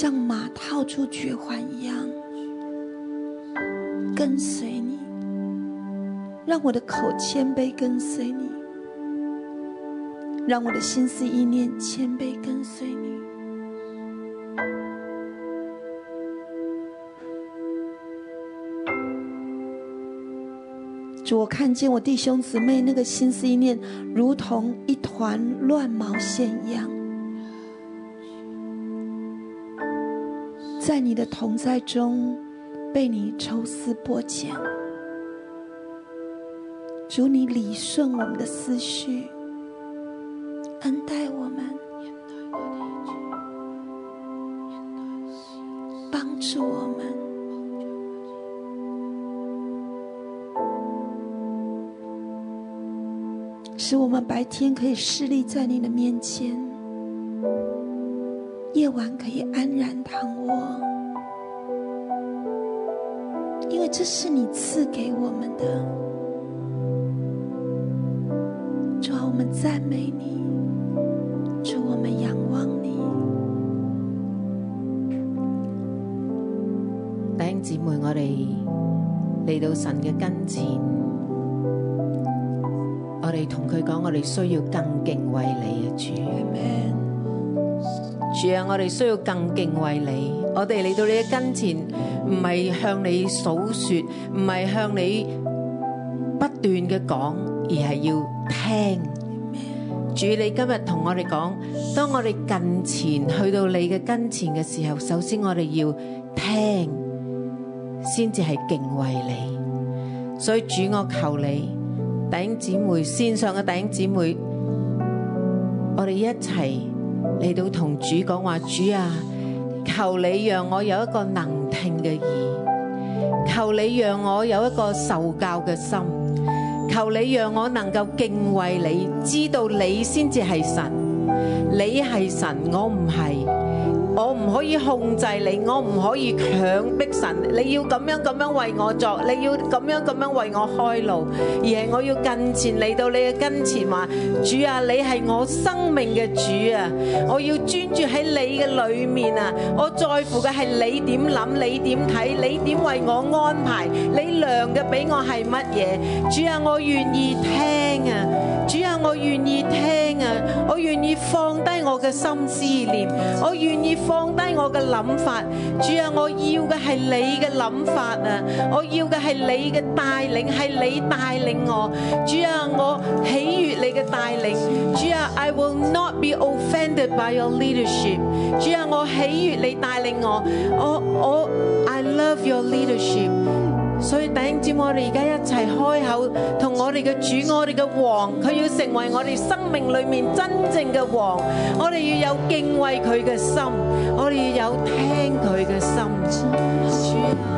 像馬套住絕環一樣跟隨你，讓我的口謙卑跟隨你，讓我的心思意念謙卑跟隨你。主，我看見我弟兄姊妹那個心思意念如同一團亂毛線一樣。在你的同在中，被你抽絲剝繭，主你理順我們的思緒，恩待我們，幫助我們，使我們白天可以侍立在你的面前。可以安然躺臥，因為這是你賜給我們的。主，我們讚美你；主，我們仰望你。弟兄姊妹，我哋嚟到神嘅跟前，我哋同佢講，我哋需要更敬畏你嘅主。主啊，我哋需要更敬畏你。我哋嚟到你嘅跟前，唔係向你數說，唔係向你不斷嘅講，而係要聽。主，你今日同我哋講，當我哋近前去到你嘅跟前嘅時候，首先我哋要聽，先至係敬畏你。所以主，我求你，弟兄姊妹，線上嘅弟兄姊妹，我哋一齊。你都同主講話，主啊，求你讓我有一個能聽嘅意，求你讓我有一個受教嘅心，求你讓我能夠敬畏你，知道你先至係神，你係神，我唔係。我唔可以控制你，我唔可以強迫神。你要咁樣咁樣為我作，你要咁樣咁樣為我開路，而係我要近前嚟到你嘅跟前，話主啊，你係我生命嘅主啊！我要專注喺你嘅裏面啊！我在乎嘅係你點諗，你點睇，你點為我安排，你量嘅俾我係乜嘢？主啊，我願意聽啊！主啊，我願意聽啊，我願意放低我嘅心思念，我願意放低我嘅諗法。主啊，我要嘅係你嘅諗法啊，我要嘅係你嘅帶領，係你帶領我。主啊，我喜悦你嘅帶領。主啊，I will not be offended by your leadership。主啊，我喜悦你帶領我。我，我，I love your leadership。所以頂尖我哋而家一齊開口，同我哋嘅主，我哋嘅王，佢要成為我哋生命裏面真正嘅王。我哋要有敬畏佢嘅心，我哋要有聽佢嘅心。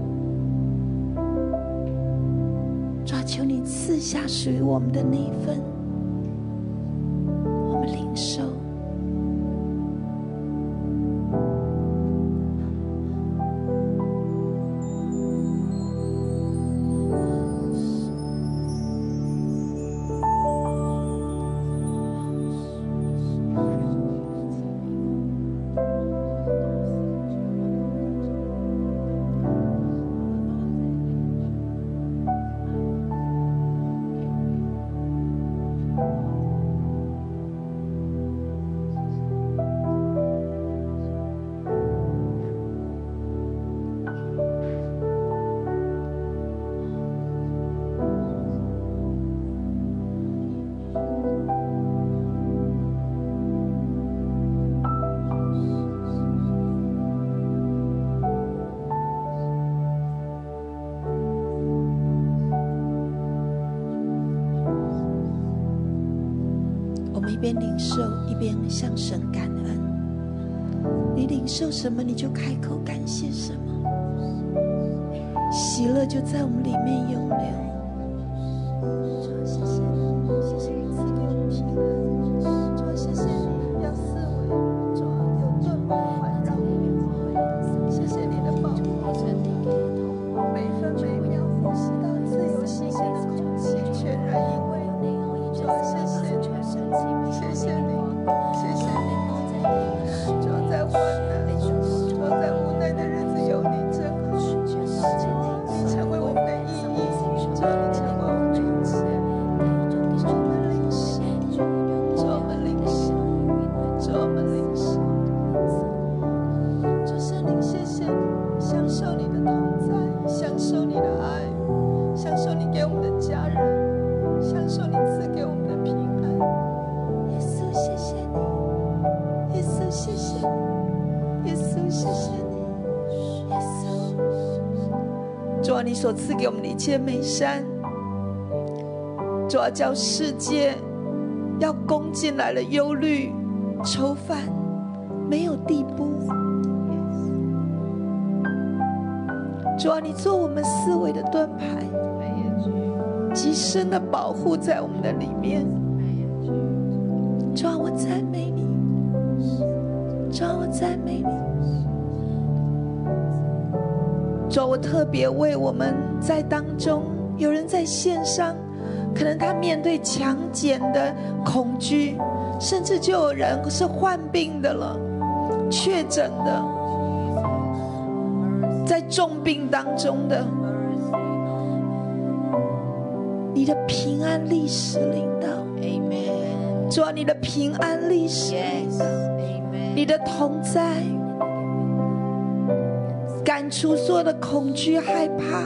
求你賜下屬於我們的那一份。賜給我們的一切美善，主啊，叫世界要攻進來了憂慮、愁煩，沒有地步。主啊，你做我們思維的盾牌，極深的保護在我們的裏面。主啊，我讚美你。主啊，我讚美你。主啊，我特別為我們。在當中，有人在綫上，可能他面對強檢的恐懼，甚至就有人是患病的了，確診的，在重病當中的，你的平安歷史領導，做你的平安歷史你的同在，趕出所有的恐懼、害怕。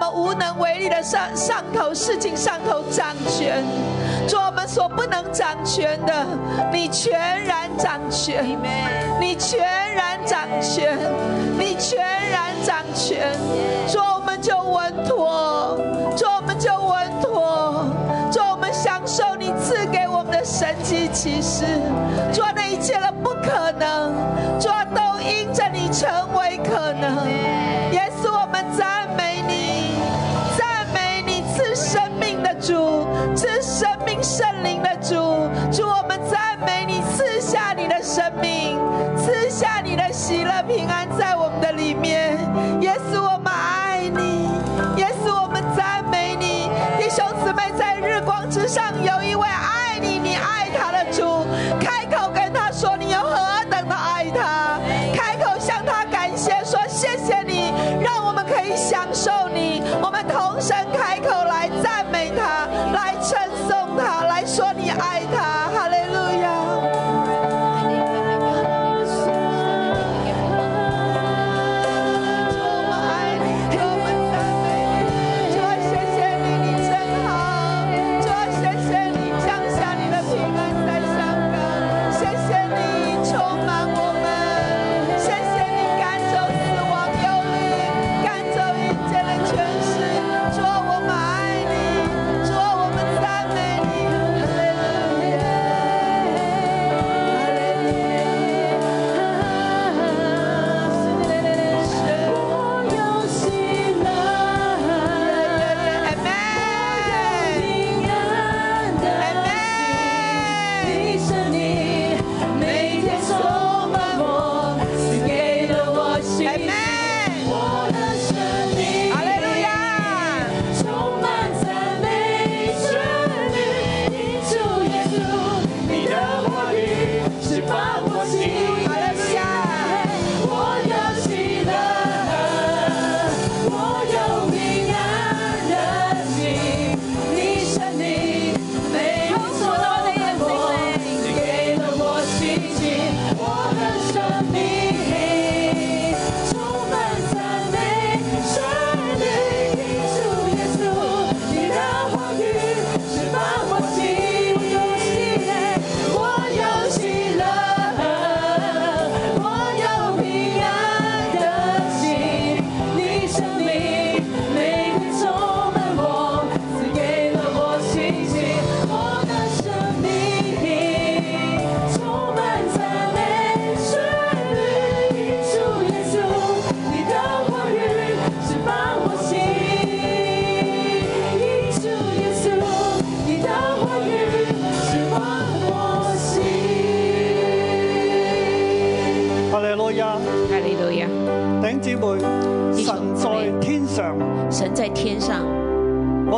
無能為力的上上頭，事情上頭掌權，做我們所不能掌權的，你全然掌權，你全然掌權，你全然掌權。做我們就穩妥，做我們就穩妥，做我們享受你賜給我們的神蹟奇事。做那一切的不可能，全都因着你成為可能。主，這生命聖靈的主，主，我們讚美你，賜下你的生命，賜下你的喜樂平安，在。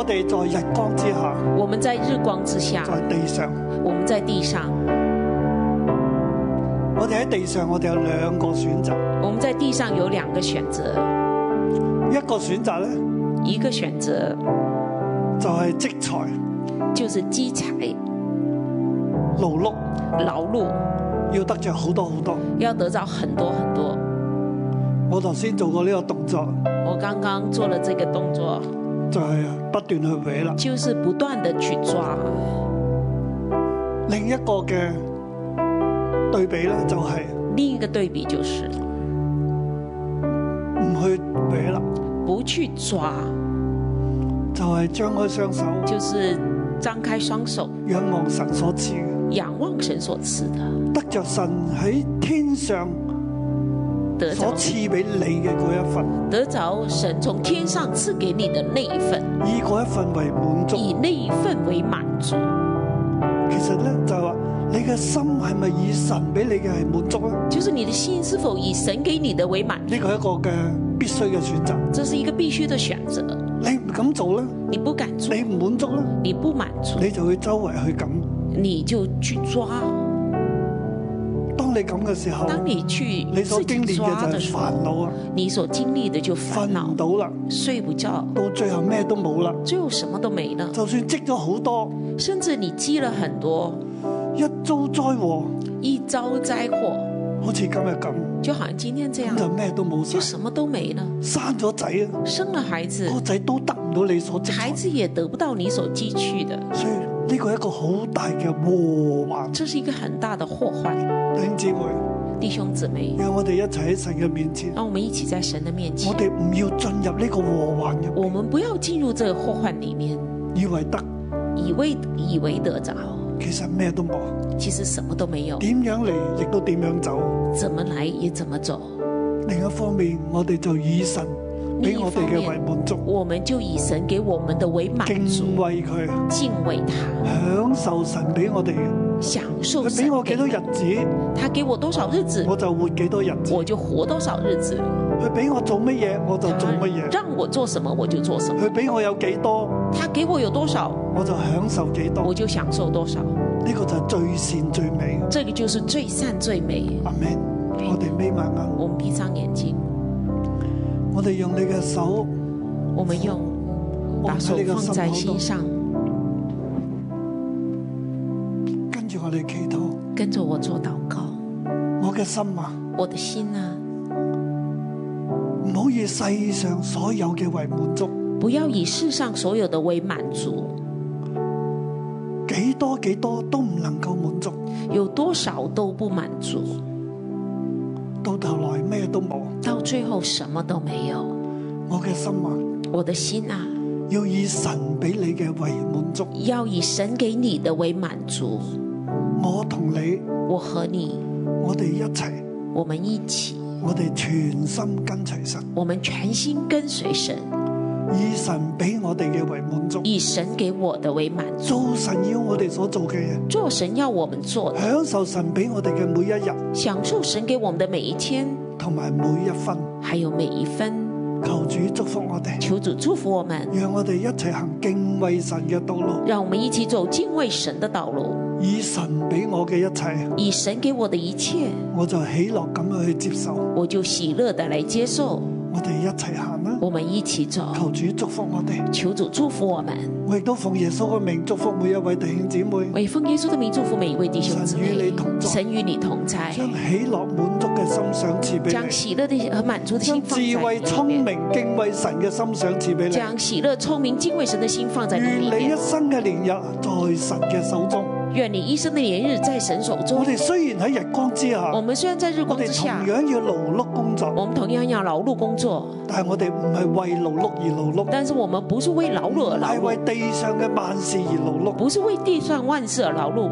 我哋在日光之下，我們在日光之下，在地上，我們在地上。我哋喺地上，我哋有兩個選擇。我們在地上有兩個選擇，一個選擇咧，一個選擇就係積財，就是積財碌勞碌，勞碌要得着好多好多，要得着很多很多。很多很多，我頭先做過呢個動作，我剛剛做了這個動作，就係啊。不斷去搲啦，就是不斷地去抓。另一個嘅對比咧，就是，就係另一個對比就是唔去搲啦，不去抓，就係張開雙手，就是張開雙手仰望神所賜，仰望神所賜的得着神喺天上。所賜俾你嘅嗰一份，得着神從天上賜給你的那一份，以嗰一份為滿足，以那一份為滿足。滿足其實咧就係話，你嘅心係咪以神俾你嘅係滿足咧？就是你嘅心，心是否以神給你嘅為滿足？呢個係一個嘅必須嘅選擇。這是一個必須的選擇。你唔敢做咧？你不敢做，你唔滿足咧？你不滿足，你就去周圍去揾，你就去抓。當你咁嘅時候，你所經歷嘅就煩惱啊！你所經歷嘅就煩惱。瞓唔到啦，睡不着，到最後咩都冇啦。最後什麼都沒啦。沒就算積咗好多，甚至你積了很多，一遭災禍，一遭災禍，好似今日咁，就好像今天這樣，就咩都冇晒，就什麼都沒啦。生咗仔啊，生了孩子，孩子個仔都得唔到你所積，孩子也得不到你所積蓄的。所以呢個係一個好大嘅禍患，這是一個很大的禍患。弟兄姊妹，弟兄姊妹，讓我哋一齊喺神嘅面前。讓我們一起在神的面前。我哋唔要進入呢個禍患。我們不要進入這個禍患裏面。以為得，以為以為得着，其實咩都冇。其實什麼都沒有。點樣嚟，亦都點樣走。怎麼來也怎麼走。另一方面，我哋就以神。俾我哋嘅為滿足，我們就以神給我們的為滿足。敬畏佢，敬畏他，享受神俾我哋。享受。佢俾我幾多日子，他給我多少日子，我就活幾多日子，我就活多少日子。佢俾我做乜嘢，我就做乜嘢。讓我做什麼，我就做什麼。佢俾我有幾多，他給我有多少，我就享受幾多，我就享受多少。呢個就係最善最美。呢個就是最善最美。阿門。我哋眯埋眼，我們閉上眼睛。我哋用你嘅手，我們用，們用把手放在心上，心跟住我哋祈禱，跟住我做禱告。我嘅心啊，我的心啊，唔好以世上所有嘅為滿足，不要以世上所有嘅為滿足，幾多幾多都唔能夠滿足，有多少都不滿足。到頭來咩都冇，到最後什麼都沒有。我嘅心啊，我的心啊，要以神俾你嘅為滿足，要以神給你嘅為滿足。滿足我同你，我和你，我哋一齊，我們一起，我哋全心跟隨神，我們全心跟隨神。以神俾我哋嘅為滿足，以神給我的為滿足，做神要我哋所做嘅嘢，做神要我們做，享受神俾我哋嘅每一日，享受神給我們嘅每一天，同埋每，每一分，還有每一分，求主祝福我哋，求主祝福我們，讓我哋一齊行敬畏神嘅道路，讓我哋一起走敬畏神嘅道路，以神俾我嘅一切，以神給我的一切，我就喜樂咁樣去接受，我就喜樂地來接受。我哋一齊行啦！我們一起走啊，求主祝福我哋。求主祝福我們。我亦都奉耶穌嘅名祝福每一位弟兄姊妹。我亦奉耶穌嘅名祝福每一位弟兄姊妹。神與你同在，將喜樂滿足嘅心想賜俾你。將喜樂的和滿足的心放在你裏面，智慧聰明敬畏神嘅心想賜俾你。將喜樂聰明敬畏神嘅心放在你裏面。願你一生嘅年日，在神嘅手中。願你一生的年日在神手中。我哋雖然喺日光之下，我們雖然在日光之下，我哋同樣要勞碌工作。我們同樣要勞碌工作，但係我哋唔係為勞碌而勞碌。但是我們不是為勞碌而勞碌，係為地上嘅萬事而勞碌。不是為地上萬事而勞碌。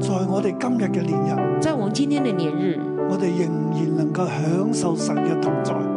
在我哋今日嘅年日，在我們今天的年日，我哋仍然能夠享受神嘅同在。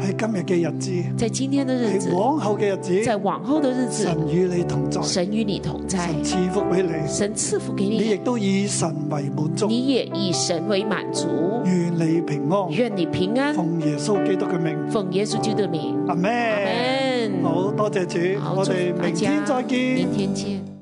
喺今日嘅日子，在今天的日子，喺往後嘅日子，在往後的日子，神與你同在，神與你同在，神賜福俾你，神賜福俾你，你亦都以神為滿足，你亦以神為滿足，願你平安，願你平安，奉耶穌基督嘅名，奉耶穌基督嘅名，阿門，阿門，好多謝主，我哋明天再見，明天見。